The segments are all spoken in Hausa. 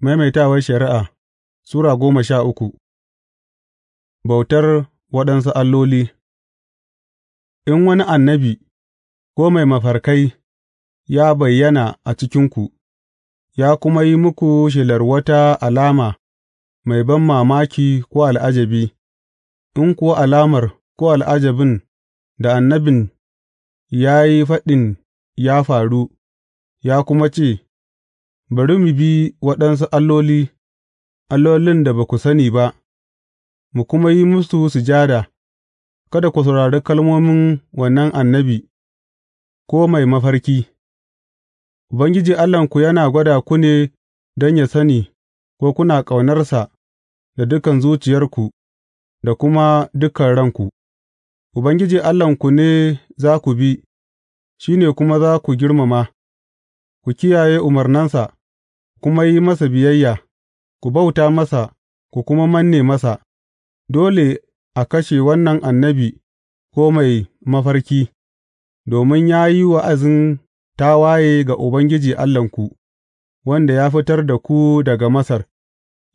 Maimaitawar Shari'a Sura goma sha uku Bautar waɗansu alloli In wani annabi ko mai mafarkai ya bayyana a cikinku, ya kuma yi muku shelar wata alama mai ban mamaki ko al'ajabi, in kuwa alamar ko al'ajabin da annabin ya yi faɗin ya faru, ya kuma ce, Bari mu bi waɗansu alloli, allolin da ba ku sani ba, mu kuma yi musu sujada, kada ku saurari kalmomin wannan annabi, ko mai mafarki, Ubangiji Allahnku yana gwada ku ne don yă sani ko kuna ƙaunarsa da dukan zuciyarku da kuma dukan ranku, Ubangiji Allahnku ne za ku bi, shi ne kuma za ku girmama, ku kiyaye umarnansa. kuma yi masa biyayya, ku bauta masa ku kuma manne masa, dole a kashe wannan annabi ko mai mafarki, domin ya yi wa'azin tawaye ga Ubangiji Allahnku, wanda ya fitar da ku daga Masar,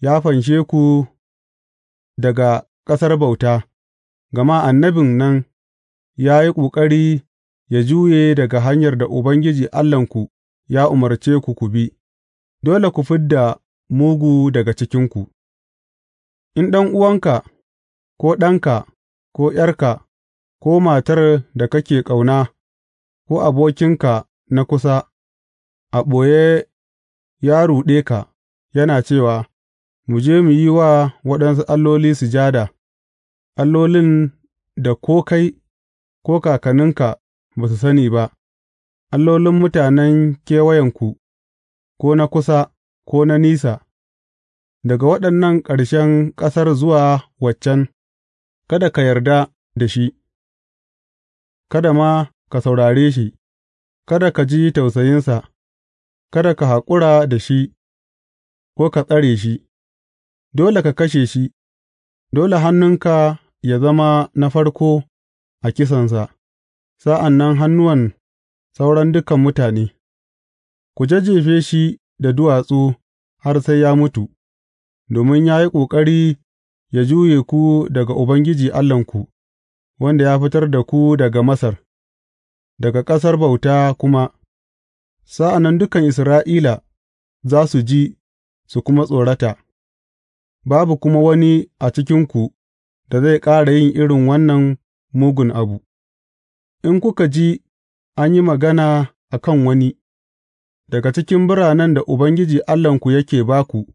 ya fanshe ku daga ƙasar bauta, gama annabin nan ya yi ƙoƙari ya juye daga hanyar da Ubangiji Allahnku ya umarce ku ku bi. dole ku fid da mugu daga cikinku In ɗan'uwanka, ko ɗanka, ko ’yarka, ko matar da kake ƙauna, ko abokinka na kusa, a ɓoye ya ruɗe ka, yana cewa, Mu je mu yi wa waɗansu alloli sujada, allolin da ko kai ko kakanninka ba su sani ba, allolin mutanen kewayenku. ko na kusa ko na nisa, daga waɗannan ƙarshen ƙasar zuwa waccan, kada ka yarda da shi, kada ma ka saurare shi, kada ka ji tausayinsa, kada ka haƙura da shi ko ka tsare shi, dole ka kashe shi, dole hannunka ya zama na farko a kisansa, sa'an nan hannuwan sauran dukan mutane, ku jajjefe shi da duwatsu har sai ya mutu, domin ya yi ƙoƙari ya juye ku daga Ubangiji Allahnku, wanda ya fitar da ku daga Masar, daga ƙasar bauta kuma, sa'an nan dukan Isra'ila za su ji su kuma tsorata, babu kuma wani a cikinku da zai ƙara yin irin wannan mugun abu, in kuka ji an yi magana a kan wani. daga cikin biranen da Ubangiji Allahnku yake ba ku,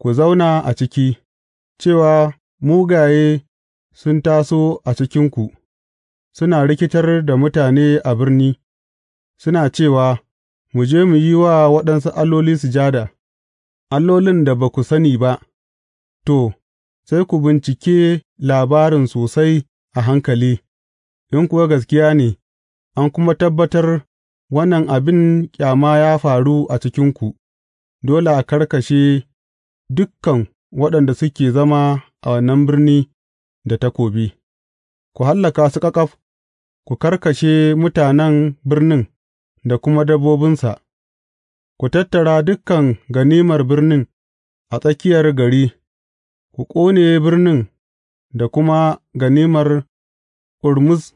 ku zauna a ciki, cewa mugaye sun taso a cikinku, suna rikitar da mutane a birni, suna cewa, Mu je mu yi wa waɗansu alloli sujada, allolin da ba ku sani ba, to, sai ku bincike labarin sosai a hankali, in kuwa gaskiya ne, an kuma tabbatar Wannan abin ƙyama ya faru a cikinku, dole a karkashe dukan waɗanda suke zama a wannan birni da takobi, ku hallaka su ƙaƙaf, ku karkashe mutanen birnin da kuma dabbobinsa, ku tattara dukan ganimar birnin a tsakiyar gari, ku ƙone birnin da kuma ganimar ƙurmus.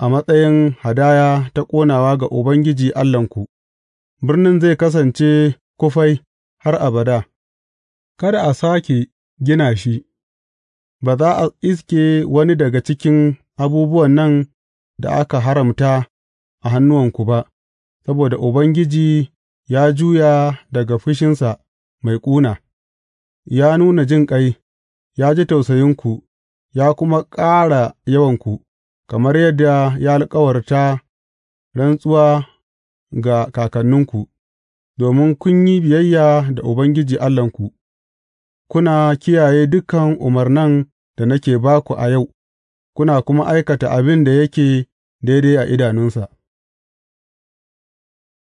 a matsayin hadaya ta ƙonawa ga Ubangiji Allahnku, birnin zai kasance kufai har abada, kada a sake gina shi, ba za a iske wani daga cikin abubuwan nan da aka haramta a hannuwanku ba, saboda Ubangiji ya juya daga fushinsa mai ƙuna, ya nuna jin ƙai, ya ji tausayinku, ya kuma ƙara yawanku. kamar yadda ya alkawarta rantsuwa ga kakanninku, domin kun yi biyayya da Ubangiji Allahnku, kuna kiyaye dukan umarnan da nake ba ku a yau, kuna kuma aikata abin da yake daidai a idanunsa.